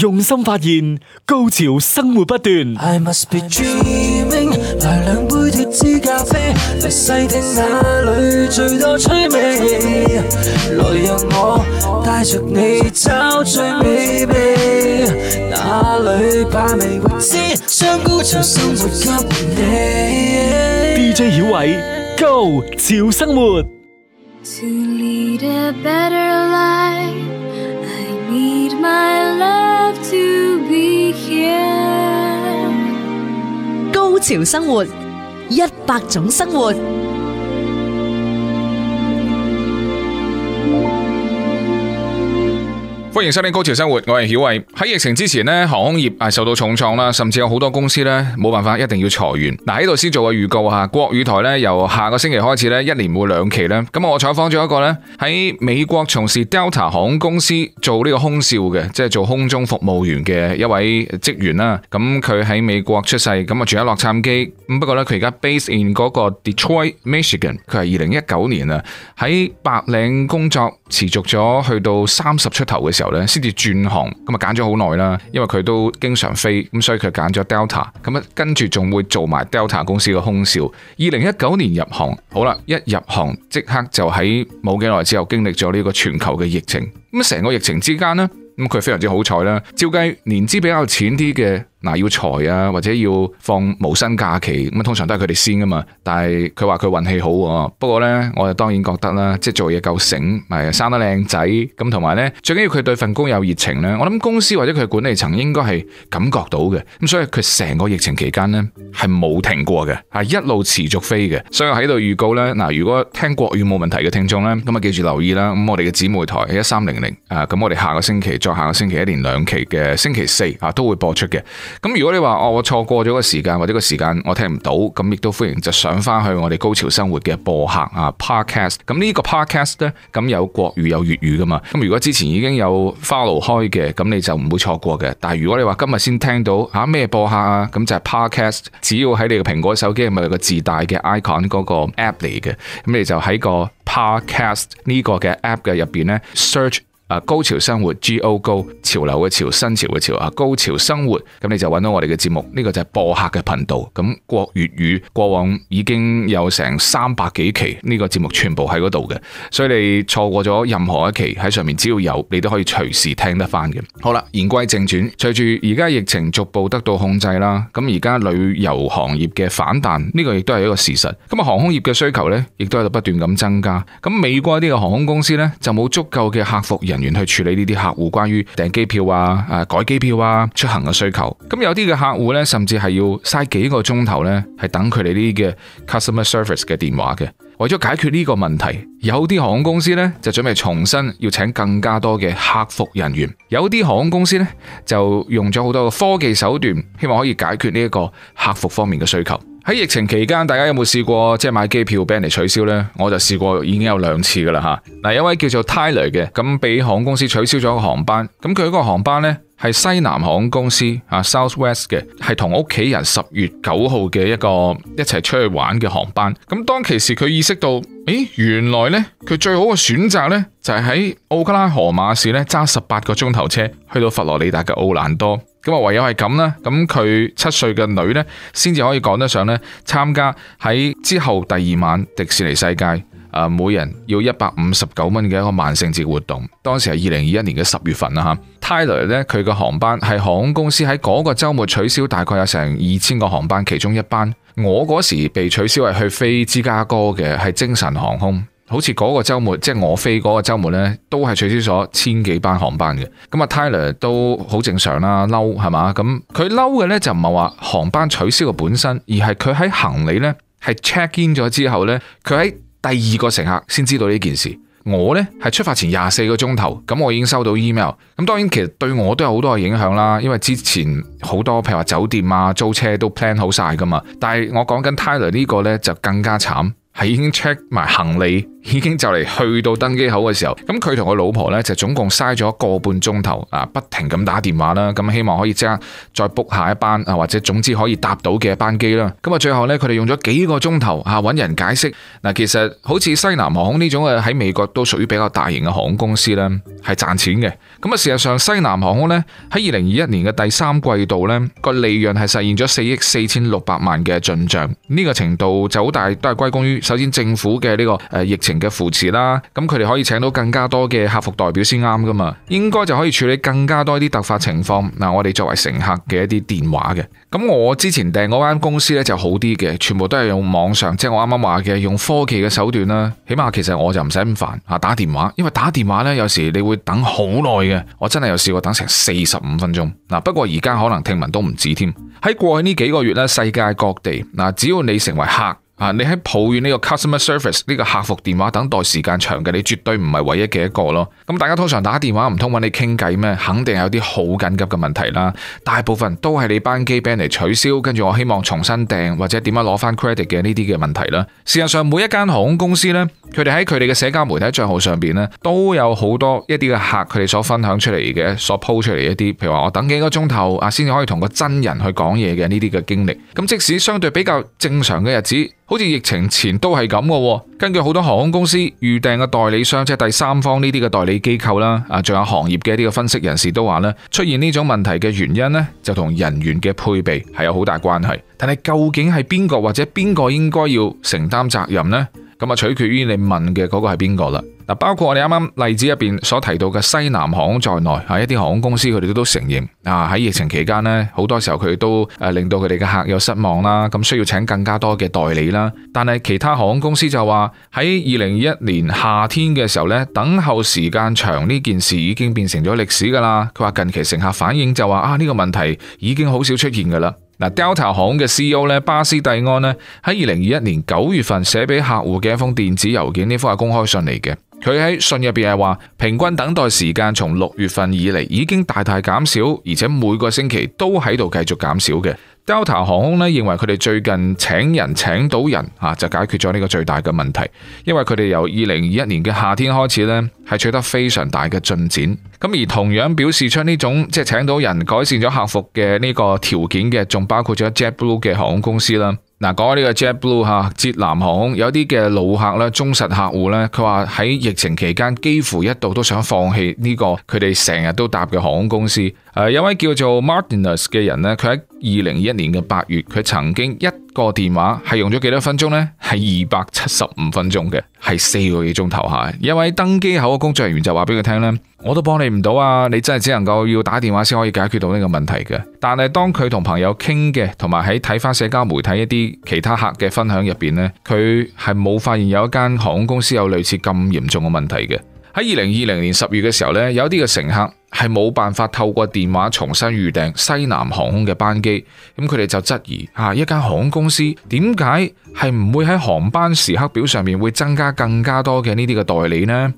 用心發現，高潮生活不斷。來兩杯脫脂咖啡，來細聽那裏最多趣味。來讓我帶着你找最美秘，哪裏把味先將高潮生活給你。DJ 曉偉，高潮生活。潮生活，一百種生活。歡迎收聽《高潮生活》，我係曉慧。喺疫情之前咧，航空業係受到重創啦，甚至有好多公司咧冇辦法，一定要裁員。嗱，喺度先做個預告吓，國語台咧由下個星期開始咧，一年會兩期咧。咁我採訪咗一個咧喺美國從事 Delta 航空公司做呢個空少嘅，即係做空中服務員嘅一位職員啦。咁佢喺美國出世，咁啊住喺洛杉磯。咁不過咧，佢而家 base in 嗰個 Detroit，Michigan。佢係二零一九年啊，喺白領工作。持續咗去到三十出頭嘅時候呢，先至轉行，咁啊揀咗好耐啦。因為佢都經常飛，咁所以佢揀咗 Delta，咁啊跟住仲會做埋 Delta 公司嘅空少。二零一九年入行，好啦，一入行即刻就喺冇幾耐之後經歷咗呢個全球嘅疫情。咁、嗯、成個疫情之間呢，咁、嗯、佢非常之好彩啦。照計年資比較淺啲嘅。嗱，要裁啊，或者要放無薪假期咁通常都係佢哋先噶嘛。但係佢話佢運氣好啊。不過呢，我就當然覺得啦，即係做嘢夠醒，咪生得靚仔咁，同埋呢，最緊要佢對份工有熱情呢。我諗公司或者佢嘅管理層應該係感覺到嘅。咁所以佢成個疫情期間呢，係冇停過嘅，係一路持續飛嘅。所以我喺度預告呢，嗱，如果聽國語冇問題嘅聽眾呢，咁啊記住留意啦。咁我哋嘅姊妹台一三零零啊，咁我哋下個星期再下個星期一連兩期嘅星期四啊都會播出嘅。咁如果你話，哦，我錯過咗個時間，或者個時間我聽唔到，咁亦都歡迎就上返去我哋高潮生活嘅播客啊 podcast。咁呢個 podcast 呢，咁有國語有粵語噶嘛。咁如果之前已經有 follow 開嘅，咁你就唔會錯過嘅。但係如果你話今日先聽到吓咩、啊、播客啊，咁就係 podcast。只要喺你嘅蘋果手機係咪有個自帶嘅 icon 嗰個 app 嚟嘅，咁你就喺個 podcast 呢個嘅 app 嘅入邊呢。search。啊！高潮生活 G.O.GO 潮流嘅潮，新潮嘅潮啊！高潮生活，咁你就搵到我哋嘅節目，呢個就係播客嘅頻道。咁國粵語過往已經有成三百幾期呢個節目，全部喺嗰度嘅，所以你錯過咗任何一期喺上面，只要有你都可以隨時聽得翻嘅。好啦，言歸正傳，隨住而家疫情逐步得到控制啦，咁而家旅遊行業嘅反彈呢個亦都係一個事實。咁啊，航空業嘅需求呢，亦都喺度不斷咁增加。咁美國呢啲航空公司呢，就冇足夠嘅客服人。員去處理呢啲客戶關於訂機票啊、啊改機票啊、出行嘅需求。咁有啲嘅客戶呢，甚至係要嘥幾個鐘頭呢，係等佢哋呢啲嘅 customer service 嘅電話嘅。為咗解決呢個問題，有啲航空公司呢，就準備重新要請更加多嘅客服人員。有啲航空公司呢，就用咗好多嘅科技手段，希望可以解決呢一個客服方面嘅需求。喺疫情期間，大家有冇試過即係買機票俾人嚟取消呢？我就試過已經有兩次嘅啦。嗱，有一位叫做 Tyler 嘅，咁俾航空公司取消咗個航班。咁佢嗰個航班咧係西南航空公司 Southwest 嘅，係同屋企人十月九號嘅一個一齊出去玩嘅航班。咁當其時佢意識到，誒，原來咧佢最好嘅選擇咧就係喺奧克拉荷馬市呢揸十八個鐘頭車去到佛羅里達嘅奧蘭多。咁啊，唯有係咁啦。咁佢七歲嘅女咧，先至可以趕得上咧，參加喺之後第二晚迪士尼世界，誒，每人要一百五十九蚊嘅一個萬聖節活動。當時係二零二一年嘅十月份啦，哈。泰雷咧，佢嘅航班係航空公司喺嗰個周末取消，大概有成二千個航班，其中一班，我嗰時被取消係去飛芝加哥嘅，係精神航空。好似嗰個週末，即係我飛嗰個週末呢，都係取消咗千幾班航班嘅。咁啊，Tyler 都好正常啦，嬲係嘛？咁佢嬲嘅呢，就唔係話航班取消嘅本身，而係佢喺行李呢，係 check in 咗之後呢，佢喺第二個乘客先知道呢件事。我呢，係出發前廿四個鐘頭，咁我已經收到 email。咁當然其實對我都有好多嘅影響啦，因為之前好多譬如話酒店啊、租車都 plan 好晒噶嘛。但係我講緊 Tyler 呢個呢，就更加慘，係已經 check 埋行李。已經就嚟去到登機口嘅時候，咁佢同佢老婆呢，就總共嘥咗一個半鐘頭啊，不停咁打電話啦，咁希望可以即刻再 book 下一班啊，或者總之可以搭到嘅班機啦。咁啊，最後呢，佢哋用咗幾個鐘頭啊，揾人解釋嗱，其實好似西南航空呢種啊喺美國都屬於比較大型嘅航空公司咧，係賺錢嘅。咁啊，事實上西南航空呢，喺二零二一年嘅第三季度呢，個利潤係實現咗四億四千六百萬嘅進帳，呢個程度就好大，都係歸功於首先政府嘅呢個疫情。嘅扶持啦，咁佢哋可以請到更加多嘅客服代表先啱噶嘛，應該就可以處理更加多啲突發情況。嗱，我哋作為乘客嘅一啲電話嘅，咁我之前訂嗰間公司呢就好啲嘅，全部都係用網上，即係我啱啱話嘅用科技嘅手段啦。起碼其實我就唔使咁煩吓打電話，因為打電話呢有時你會等好耐嘅，我真係有試過等成四十五分鐘。嗱，不過而家可能聽聞都唔止添。喺過去呢幾個月呢，世界各地嗱，只要你成為客。啊！你喺抱怨呢個 customer service 呢個客服電話等待時間長嘅，你絕對唔係唯一嘅一個咯。咁大家通常打電話唔通揾你傾偈咩？肯定有啲好緊急嘅問題啦。大部分都係你班機俾人取消，跟住我希望重新訂或者點樣攞翻 credit 嘅呢啲嘅問題啦。事實上，每一間航空公司呢，佢哋喺佢哋嘅社交媒體賬號上邊呢，都有好多一啲嘅客佢哋所分享出嚟嘅，所 post 出嚟一啲，譬如話我等幾個鐘頭啊，先至可以同個真人去講嘢嘅呢啲嘅經歷。咁即使相對比較正常嘅日子。好似疫情前都係咁嘅，根據好多航空公司預訂嘅代理商，即係第三方呢啲嘅代理機構啦，啊，仲有行業嘅一啲嘅分析人士都話呢，出現呢種問題嘅原因呢，就同人員嘅配備係有好大關係。但係究竟係邊個或者邊個應該要承擔責任呢？咁啊，取決於你問嘅嗰個係邊個啦。嗱，包括我哋啱啱例子入邊所提到嘅西南航空在內，係一啲航空公司佢哋都承認啊，喺疫情期間呢，好多時候佢都誒令到佢哋嘅客有失望啦。咁需要請更加多嘅代理啦。但係其他航空公司就話喺二零二一年夏天嘅時候呢，等候時間長呢件事已經變成咗歷史㗎啦。佢話近期乘客反應就話啊，呢個問題已經好少出現㗎啦。嗱，Delta 行嘅 C E O 巴斯蒂安咧，喺二零二一年九月份寫俾客戶嘅一封電子郵件，呢封係公開信嚟嘅。佢喺信入邊係話，平均等待時間從六月份以嚟已經大大減少，而且每個星期都喺度繼續減少嘅。Delta 航空咧認為佢哋最近請人請到人啊，就解決咗呢個最大嘅問題，因為佢哋由二零二一年嘅夏天開始咧，係取得非常大嘅進展。咁而同樣表示出呢種即係請到人改善咗客服嘅呢個條件嘅，仲包括咗 JetBlue 嘅航空公司啦。嗱，講呢個 JetBlue 嚇，捷藍航空有啲嘅老客咧，忠實客戶咧，佢話喺疫情期間幾乎一度都想放棄呢個佢哋成日都搭嘅航空公司。誒，一位叫做 Martinus 嘅人咧，佢喺二零二一年嘅八月，佢曾經一個電話係用咗幾多分鐘咧？係二百七十五分鐘嘅，係四個幾鐘頭下。一位登機口嘅工作人員就話俾佢聽咧。我都幫你唔到啊！你真係只能夠要打電話先可以解決到呢個問題嘅。但係當佢同朋友傾嘅，同埋喺睇返社交媒體一啲其他客嘅分享入邊呢，佢係冇發現有一間航空公司有類似咁嚴重嘅問題嘅。喺二零二零年十月嘅時候呢，有啲嘅乘客係冇辦法透過電話重新預訂西南航空嘅班機，咁佢哋就質疑啊，一間航空公司點解係唔會喺航班時刻表上面會增加更加多嘅呢啲嘅代理呢？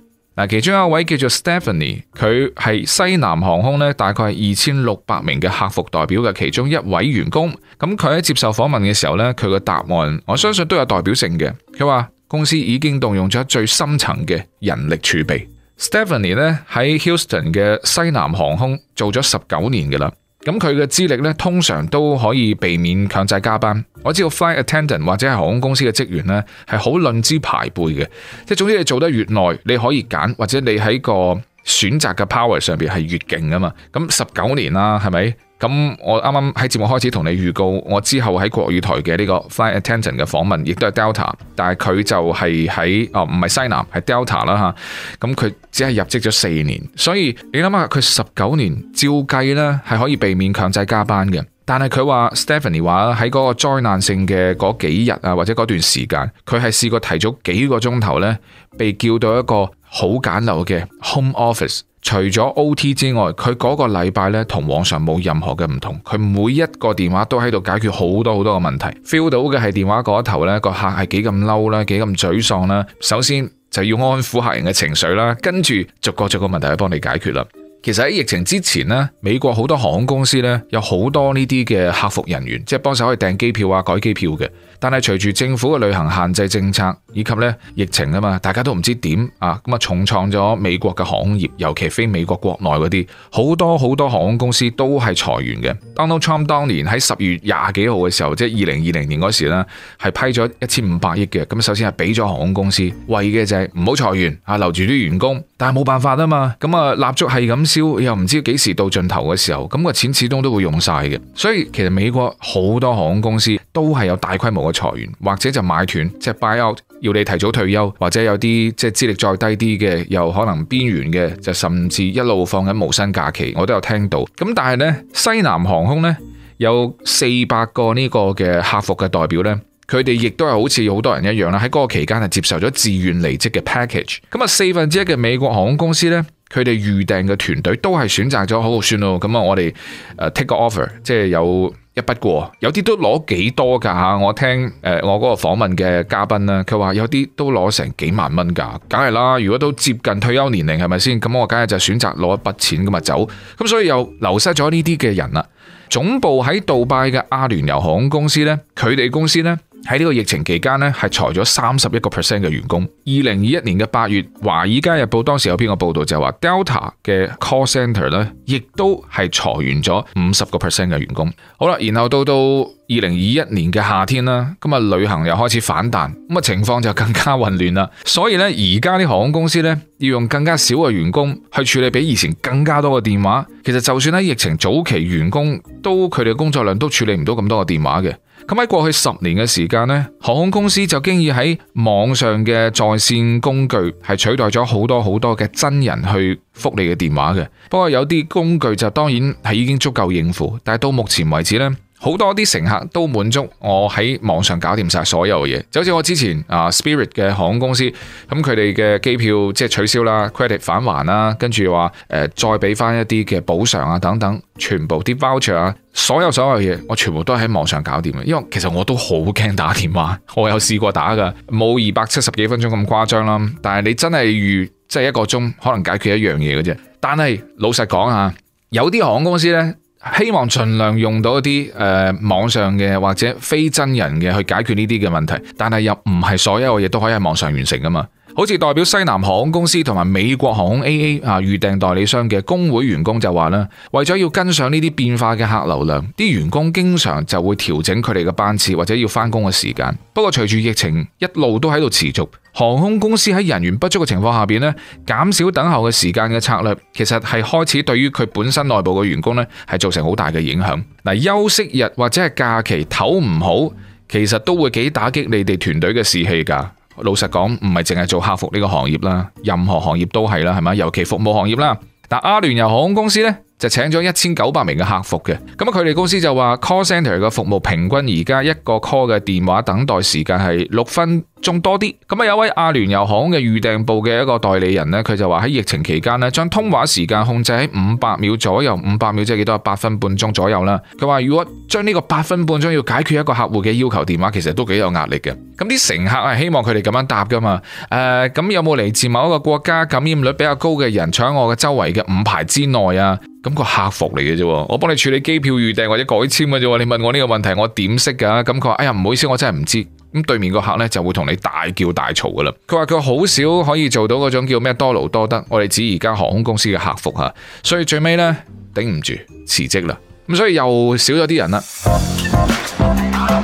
其中一位叫做 Stephanie，佢係西南航空大概二千六百名嘅客服代表嘅其中一位員工。咁佢喺接受訪問嘅時候呢，佢嘅答案我相信都有代表性嘅。佢話公司已經動用咗最深層嘅人力儲備。Stephanie 呢喺 Houston 嘅西南航空做咗十九年嘅啦。咁佢嘅資歷呢，通常都可以避免強制加班。我知道 flight attendant 或者係航空公司嘅職員呢，係好論資排輩嘅，即係總之你做得越耐，你可以揀或者你喺個選擇嘅 power 上邊係越勁啊嘛，咁十九年啦，係咪？咁我啱啱喺節目開始同你預告，我之後喺國語台嘅呢個 Flight Attendant 嘅訪問，亦都係 Delta，但係佢就係喺哦，唔係西南，係 Delta 啦、啊、嚇，咁佢只係入職咗四年，所以你諗下佢十九年照計呢係可以避免強制加班嘅，但係佢話 Stephanie 話，喺嗰個災難性嘅嗰幾日啊或者嗰段時間，佢係試過提早幾個鐘頭呢，被叫到一個。好簡陋嘅 home office，除咗 OT 之外，佢嗰個禮拜呢，同往常冇任何嘅唔同，佢每一個電話都喺度解決好多好多嘅問題，feel 到嘅係電話嗰一頭呢個客係幾咁嬲啦，幾咁沮喪啦。首先就要安撫客人嘅情緒啦，跟住逐個逐個問題去幫你解決啦。其實喺疫情之前呢，美國好多航空公司呢，有好多呢啲嘅客服人員，即係幫手可以訂機票啊、改機票嘅。但係隨住政府嘅旅行限制政策，以及呢疫情啊嘛，大家都唔知點啊，咁啊重創咗美國嘅航空業，尤其非美國國內嗰啲，好多好多航空公司都係裁員嘅。Donald Trump 當年喺十月廿幾號嘅時候，即係二零二零年嗰時呢係批咗一千五百億嘅，咁、啊、首先係畀咗航空公司，為嘅就係唔好裁員啊，留住啲員工。但係冇辦法啊嘛，咁啊蠟燭係咁燒，又唔知幾時到盡頭嘅時候，咁個錢始終都會用晒嘅。所以其實美國好多航空公司都係有大規模嘅裁員，或者就買斷，即係、就是、buy out，要你提早退休，或者有啲即係資歷再低啲嘅，又可能邊緣嘅，就甚至一路放緊無薪假期。我都有聽到。咁但係呢，西南航空呢，有四百個呢個嘅客服嘅代表呢。佢哋亦都係好似好多人一樣啦，喺嗰個期間係接受咗自願離職嘅 package。咁啊，四分之一嘅美國航空公司呢，佢哋預訂嘅團隊都係選擇咗好算咯。咁啊，我哋誒 take 個 offer，即係有一筆過。有啲都攞幾多噶吓，我聽誒、uh, 我嗰個訪問嘅嘉賓啦，佢話有啲都攞成幾萬蚊噶。梗係啦，如果都接近退休年齡係咪先？咁我梗係就選擇攞一筆錢咁啊走。咁所以又流失咗呢啲嘅人啦。總部喺杜拜嘅阿聯酋航空公司呢，佢哋公司呢。喺呢個疫情期間呢係裁咗三十一個 percent 嘅員工。二零二一年嘅八月，華爾街日報當時有篇個報道就係話，Delta 嘅 call center 呢亦都係裁員咗五十個 percent 嘅員工。好啦，然後到到二零二一年嘅夏天啦，咁啊旅行又開始反彈，咁啊情況就更加混亂啦。所以呢，而家啲航空公司呢，要用更加少嘅員工去處理比以前更加多嘅電話。其實就算喺疫情早期，員工都佢哋嘅工作量都處理唔到咁多嘅電話嘅。咁喺過去十年嘅時間，呢航空公司就經已喺網上嘅在線工具係取代咗好多好多嘅真人去覆你嘅電話嘅。不過有啲工具就當然係已經足夠應付，但係到目前為止呢。好多啲乘客都滿足我喺網上搞掂晒所有嘢，就好似我之前啊 Spirit 嘅航空公司，咁佢哋嘅機票即係取消啦，credit 返還啦，跟住話誒再俾翻一啲嘅補償啊等等，全部啲 voucher 啊，所有所有嘢我全部都喺網上搞掂啊！因為其實我都好驚打電話，我有試過打㗎，冇二百七十幾分鐘咁誇張啦。但係你真係預即係一個鐘可能解決一樣嘢嘅啫。但係老實講啊，有啲航空公司呢。希望盡量用到一啲誒、呃、網上嘅或者非真人嘅去解決呢啲嘅問題，但係又唔係所有嘢都可以喺網上完成㗎嘛。好似代表西南航空公司同埋美國航空 AA 啊，預訂代理商嘅工會員工就話啦，為咗要跟上呢啲變化嘅客流量，啲員工經常就會調整佢哋嘅班次或者要翻工嘅時間。不過隨住疫情一路都喺度持續，航空公司喺人員不足嘅情況下邊咧，減少等候嘅時間嘅策略，其實係開始對於佢本身內部嘅員工咧係造成好大嘅影響。嗱，休息日或者係假期唞唔好，其實都會幾打擊你哋團隊嘅士氣㗎。老實講唔係淨係做客服呢個行業啦，任何行業都係啦，係嘛？尤其服務行業啦。但阿聯酋航空公司咧就請咗一千九百名嘅客服嘅，咁佢哋公司就話 call center 嘅服務平均而家一個 call 嘅電話等待時間係六分。仲多啲咁啊！有位阿聯酋航空嘅預訂部嘅一個代理人呢，佢就話喺疫情期間呢，將通話時間控制喺五百秒左右，五百秒即係幾多啊？八分半鐘左右啦。佢話如果將呢個八分半鐘要解決一個客戶嘅要求電話，其實都幾有壓力嘅。咁啲乘客係希望佢哋咁樣答噶嘛？誒、呃，咁有冇嚟自某一個國家感染率比較高嘅人坐喺我嘅周圍嘅五排之內啊？咁、那個客服嚟嘅啫，我幫你處理機票預訂或者改簽嘅啫。你問我呢個問題，我點識噶？咁佢話：哎呀，唔好意思，我真係唔知。咁對面個客咧就會同你大叫大嘈噶啦，佢話佢好少可以做到嗰種叫咩多勞多得，我哋指而家航空公司嘅客服吓，所以最尾呢頂唔住辭職啦，咁所以又少咗啲人啦。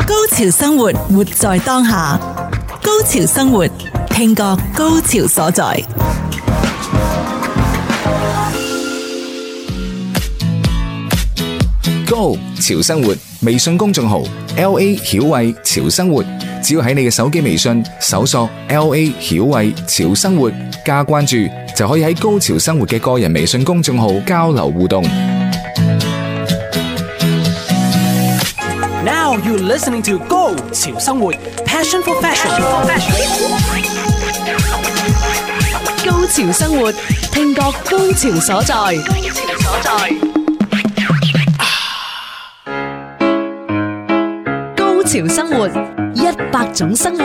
高潮生活，活在當下。高潮生活，聽過高潮所在。Go 潮生活微信公眾號，L A 曉慧潮生活。只要喺你嘅手機微信搜索 LA 曉慧潮生活加關注，就可以喺高潮生活嘅個人微信公眾號交流互動。Now you're listening to 高潮生活，Passion for fashion。高潮生活，聽覺高潮所在。高潮所在。生活一百種生活。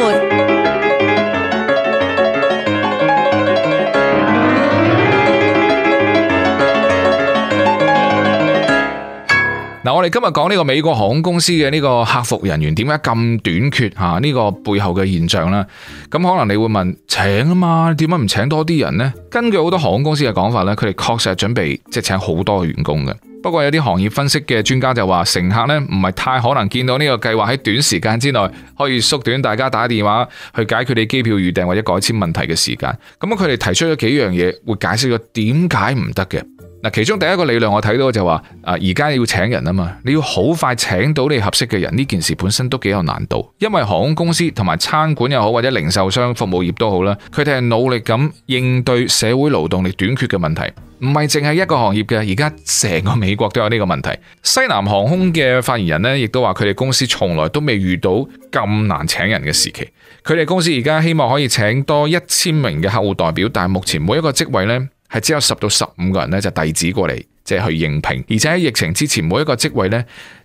嗱，我哋今日講呢個美國航空公司嘅呢個客服人員點解咁短缺吓？呢個背後嘅現象啦，咁可能你會問，請啊嘛，點解唔請多啲人呢？根據好多航空公司嘅講法咧，佢哋確實係準備即係、就是、請好多嘅員工嘅。不過有啲行業分析嘅專家就話，乘客呢唔係太可能見到呢個計劃喺短時間之內可以縮短大家打電話去解決你機票預訂或者改簽問題嘅時間。咁佢哋提出咗幾樣嘢，會解釋咗點解唔得嘅。嗱，其中第一個理論我睇到就話，啊而家要請人啊嘛，你要好快請到你合適嘅人，呢件事本身都幾有難度，因為航空公司同埋餐館又好，或者零售商服務業都好啦，佢哋係努力咁應對社會勞動力短缺嘅問題。唔係淨係一個行業嘅，而家成個美國都有呢個問題。西南航空嘅發言人呢，亦都話佢哋公司從來都未遇到咁難請人嘅時期。佢哋公司而家希望可以請多一千名嘅客戶代表，但係目前每一個職位呢，係只有十到十五個人呢，就遞紙過嚟即係去應聘。而且喺疫情之前，每一個職位呢，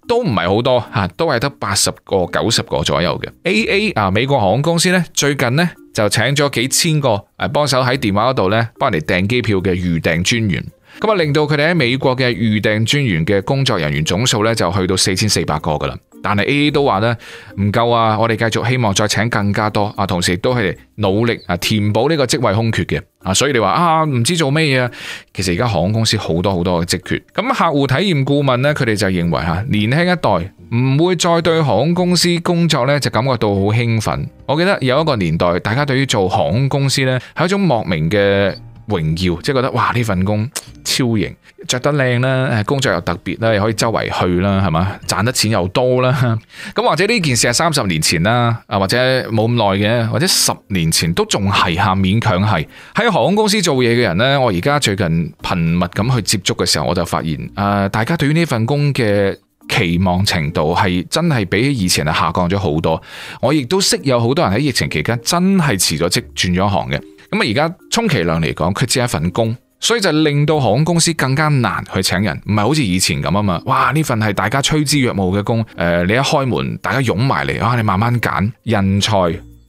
都唔係好多吓，都係得八十個、九十個左右嘅。AA 啊，美國航空公司呢，最近呢。就請咗幾千個誒，幫手喺電話嗰度咧，幫人訂機票嘅預訂專員，咁啊令到佢哋喺美國嘅預訂專員嘅工作人員總數咧，就去到四千四百個噶啦。但係 A A 都話咧，唔夠啊，我哋繼續希望再請更加多啊，同時亦都係努力啊填補呢個職位空缺嘅啊。所以你話啊，唔知做咩嘢啊？其實而家航空公司好多好多嘅職缺。咁客戶體驗顧問呢，佢哋就認為吓年輕一代，唔會再對航空公司工作呢，就感覺到好興奮。我記得有一個年代，大家對於做航空公司呢，係一種莫名嘅榮耀，即係覺得哇呢份工超型，着得靚啦，工作又特別啦，又可以周圍去啦，係嘛賺得錢又多啦。咁或者呢件事係三十年前啦，啊或者冇咁耐嘅，或者十年前都仲係下勉強係喺航空公司做嘢嘅人呢，我而家最近頻密咁去接觸嘅時候，我就發現誒、呃、大家對於呢份工嘅。期望程度係真係比起以前係下降咗好多，我亦都識有好多人喺疫情期間真係辭咗職轉咗行嘅，咁啊而家充其量嚟講，佢只係一份工，所以就令到航空公司更加難去請人，唔係好似以前咁啊嘛，哇呢份係大家趨之若鶩嘅工，誒、呃、你一開門大家擁埋嚟啊，你慢慢揀人才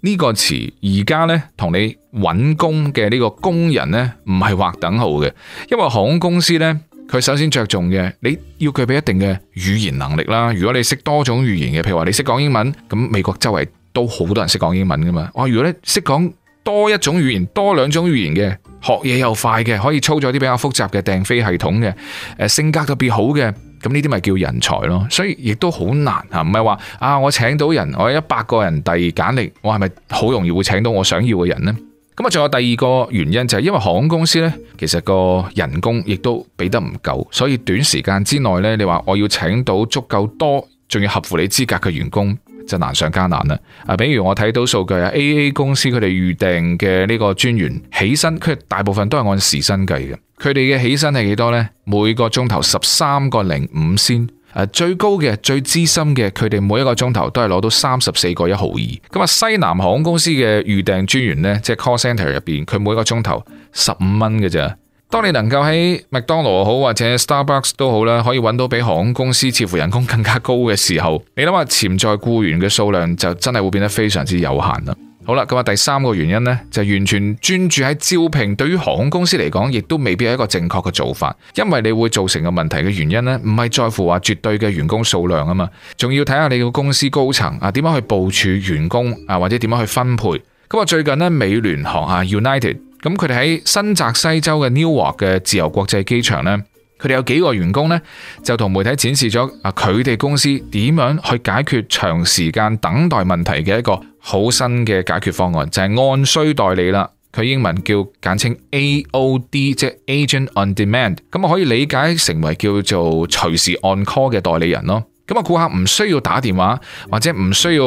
呢、這個詞而家呢，同你揾工嘅呢個工人呢，唔係劃等號嘅，因為航空公司呢。佢首先着重嘅，你要具備一定嘅語言能力啦。如果你識多種語言嘅，譬如話你識講英文，咁美國周圍都好多人識講英文噶嘛。哇、哦！如果你識講多一種語言，多兩種語言嘅，學嘢又快嘅，可以操作啲比較複雜嘅訂飛系統嘅，呃，性格特別好嘅，咁呢啲咪叫人才咯。所以亦都好難啊，唔係話啊，我請到人，我一百個人遞簡歷，我係咪好容易會請到我想要嘅人呢？咁啊，仲有第二個原因就係因為航空公司咧，其實個人工亦都俾得唔夠，所以短時間之內咧，你話我要請到足夠多，仲要合乎你資格嘅員工就難上加難啦。啊，比如我睇到數據啊，AA 公司佢哋預訂嘅呢個專員起薪，佢大部分都係按時薪計嘅，佢哋嘅起薪係幾多咧？每個鐘頭十三個零五仙。最高嘅最資深嘅，佢哋每一個鐘頭都係攞到三十四個一毫二。咁啊，西南航空公司嘅預訂專員呢，即係 call centre 入邊，佢每一個鐘頭十五蚊嘅啫。當你能夠喺麥當勞好或者 Starbucks 都好啦，可以揾到比航空公司似乎人工更加高嘅時候，你諗下潛在僱員嘅數量就真係會變得非常之有限啦。好啦，咁啊，第三個原因呢，就是、完全專注喺招聘，對於航空公司嚟講，亦都未必係一個正確嘅做法，因為你會造成嘅問題嘅原因呢，唔係在乎話絕對嘅員工數量啊嘛，仲要睇下你個公司高層啊點樣去部署員工啊，或者點樣去分配。咁啊，最近呢，美聯航 United，啊 United，咁佢哋喺新澤西州嘅 Newark 嘅自由國際機場呢。佢哋有幾個員工呢，就同媒體展示咗啊，佢哋公司點樣去解決長時間等待問題嘅一個好新嘅解決方案，就係按需代理啦。佢英文叫簡稱 AOD，即係 Agent on Demand。咁啊，可以理解成為叫做隨時 on call 嘅代理人咯。咁啊，顧客唔需要打電話，或者唔需要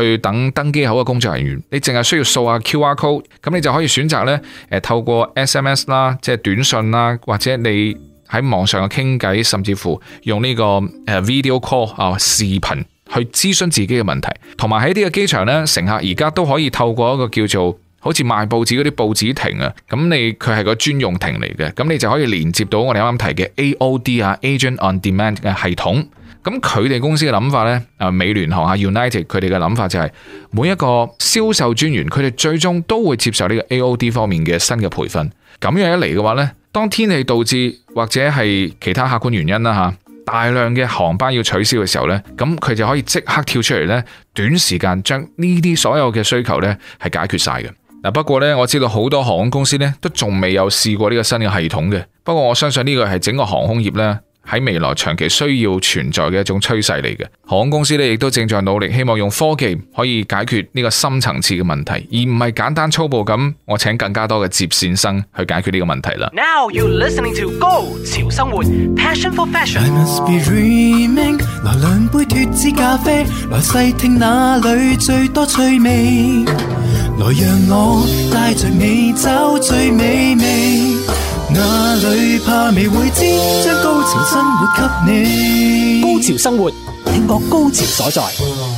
去等登機口嘅工作人員，你淨係需要掃下 QR code，咁你就可以選擇呢，誒透過 SMS 啦，即係短信啦，或者你。喺網上嘅傾偈，甚至乎用呢個誒 video call 啊，視頻去諮詢自己嘅問題，同埋喺呢個機場呢，乘客而家都可以透過一個叫做好似賣報紙嗰啲報紙亭啊，咁你佢係個專用亭嚟嘅，咁你就可以連接到我哋啱啱提嘅 AOD 啊 Agent on Demand 嘅系統。咁佢哋公司嘅諗法呢，啊美聯航啊 United 佢哋嘅諗法就係每一個銷售專員，佢哋最終都會接受呢個 AOD 方面嘅新嘅培訓。咁樣一嚟嘅話呢。當天氣導致或者係其他客觀原因啦吓，大量嘅航班要取消嘅時候咧，咁佢就可以即刻跳出嚟咧，短時間將呢啲所有嘅需求咧係解決晒嘅。嗱，不過咧我知道好多航空公司咧都仲未有試過呢個新嘅系統嘅。不過我相信呢個係整個航空業咧。喺未來長期需要存在嘅一種趨勢嚟嘅，航空公司呢，亦都正在努力，希望用科技可以解決呢個深層次嘅問題，而唔係簡單粗暴咁，我請更加多嘅接線生去解決呢個問題啦。高潮生活，聽覺高潮所在。